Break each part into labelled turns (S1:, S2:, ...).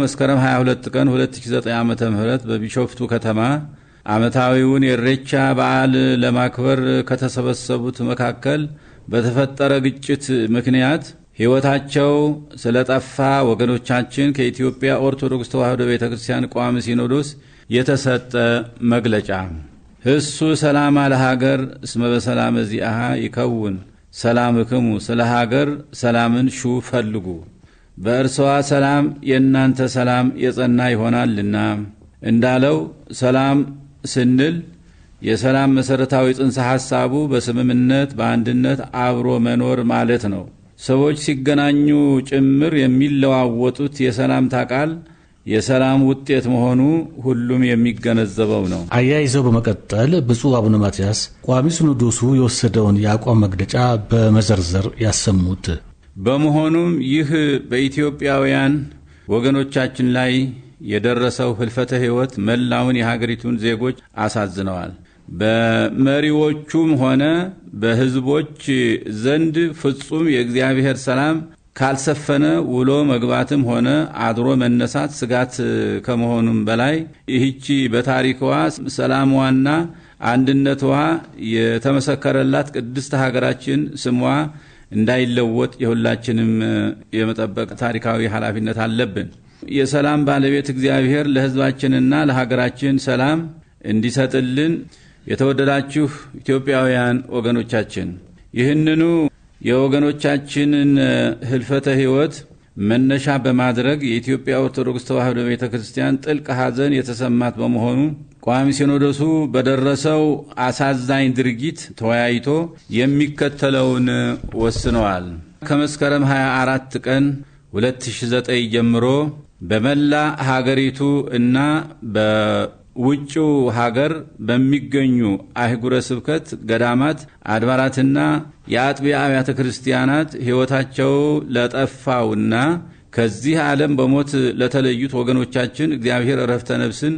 S1: መስከረም 22 ቀን 2009 ዓመተ በቢሾፍቱ ከተማ ዓመታዊውን የሬቻ በዓል ለማክበር ከተሰበሰቡት መካከል በተፈጠረ ግጭት ምክንያት ሕይወታቸው ስለጠፋ ወገኖቻችን ከኢትዮጵያ ኦርቶዶክስ ተዋሕዶ ቤተ ክርስቲያን ቋሚ ሲኖዶስ የተሰጠ መግለጫ። ህሱ ሰላማ ለሀገር እስመ በሰላም እዚአሃ ይከውን ሰላምክሙ፣ ስለ ሀገር ሰላምን ሹ ፈልጉ በእርስዋ ሰላም የእናንተ ሰላም የጸና ይሆናልና እንዳለው ሰላም ስንል የሰላም መሰረታዊ ጽንሰ ሐሳቡ በስምምነት በአንድነት አብሮ መኖር ማለት ነው። ሰዎች ሲገናኙ ጭምር የሚለዋወጡት የሰላምታ ቃል የሰላም ውጤት መሆኑ ሁሉም የሚገነዘበው ነው። አያይዘው በመቀጠል ብፁ አቡነ ማትያስ ቋሚ ሲኖዶሱ የወሰደውን የአቋም መግለጫ በመዘርዘር ያሰሙት በመሆኑም ይህ በኢትዮጵያውያን ወገኖቻችን ላይ የደረሰው ህልፈተ ሕይወት መላውን የሀገሪቱን ዜጎች አሳዝነዋል። በመሪዎቹም ሆነ በህዝቦች ዘንድ ፍጹም የእግዚአብሔር ሰላም ካልሰፈነ ውሎ መግባትም ሆነ አድሮ መነሳት ስጋት ከመሆኑም በላይ ይህቺ በታሪክዋ ሰላምዋና አንድነትዋ የተመሰከረላት ቅድስት ሀገራችን ስሟ እንዳይለወጥ የሁላችንም የመጠበቅ ታሪካዊ ኃላፊነት አለብን። የሰላም ባለቤት እግዚአብሔር ለሕዝባችንና ለሀገራችን ሰላም እንዲሰጥልን የተወደዳችሁ ኢትዮጵያውያን ወገኖቻችን ይህንኑ የወገኖቻችንን ህልፈተ ሕይወት መነሻ በማድረግ የኢትዮጵያ ኦርቶዶክስ ተዋሕዶ ቤተ ክርስቲያን ጥልቅ ሐዘን የተሰማት በመሆኑ ቋሚ ሲኖዶሱ በደረሰው አሳዛኝ ድርጊት ተወያይቶ የሚከተለውን ወስነዋል። ከመስከረም 24 ቀን 2009 ጀምሮ በመላ ሀገሪቱ እና ውጭው ሀገር በሚገኙ አህጉረ ስብከት ገዳማት፣ አድባራትና የአጥቢያ አብያተ ክርስቲያናት ሕይወታቸው ለጠፋውና ከዚህ ዓለም በሞት ለተለዩት ወገኖቻችን እግዚአብሔር እረፍተ ነፍስን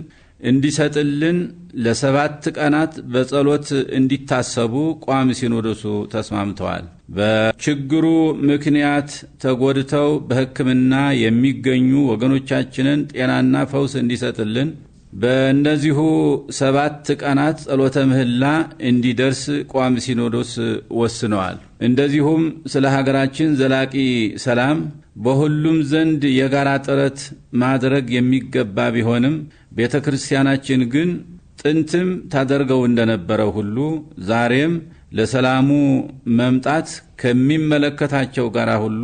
S1: እንዲሰጥልን ለሰባት ቀናት በጸሎት እንዲታሰቡ ቋሚ ሲኖዶሱ ተስማምተዋል። በችግሩ ምክንያት ተጎድተው በሕክምና የሚገኙ ወገኖቻችንን ጤናና ፈውስ እንዲሰጥልን በእነዚሁ ሰባት ቀናት ጸሎተ ምህላ እንዲደርስ ቋሚ ሲኖዶስ ወስነዋል። እንደዚሁም ስለ ሀገራችን ዘላቂ ሰላም በሁሉም ዘንድ የጋራ ጥረት ማድረግ የሚገባ ቢሆንም ቤተ ክርስቲያናችን ግን ጥንትም ታደርገው እንደነበረ ሁሉ ዛሬም ለሰላሙ መምጣት ከሚመለከታቸው ጋር ሁሉ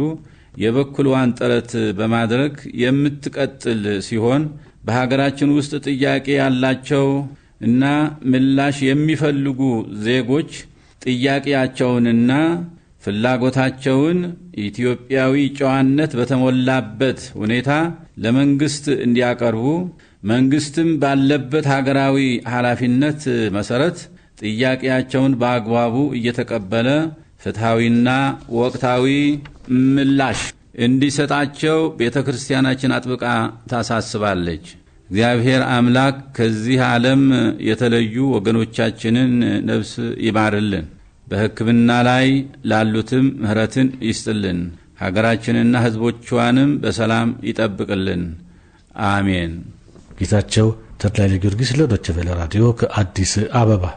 S1: የበኩልዋን ጥረት በማድረግ የምትቀጥል ሲሆን በሀገራችን ውስጥ ጥያቄ ያላቸው እና ምላሽ የሚፈልጉ ዜጎች ጥያቄያቸውንና ፍላጎታቸውን ኢትዮጵያዊ ጨዋነት በተሞላበት ሁኔታ ለመንግስት እንዲያቀርቡ መንግስትም ባለበት ሀገራዊ ኃላፊነት መሰረት ጥያቄያቸውን በአግባቡ እየተቀበለ ፍትሐዊና ወቅታዊ ምላሽ እንዲሰጣቸው ቤተ ክርስቲያናችን አጥብቃ ታሳስባለች። እግዚአብሔር አምላክ ከዚህ ዓለም የተለዩ ወገኖቻችንን ነፍስ ይማርልን፣ በሕክምና ላይ ላሉትም ምሕረትን ይስጥልን፣ ሀገራችንና ሕዝቦቿንም በሰላም ይጠብቅልን። አሜን። ጌታቸው ተድላይ ጊዮርጊስ ለዶቸቬለ ራዲዮ ከአዲስ አበባ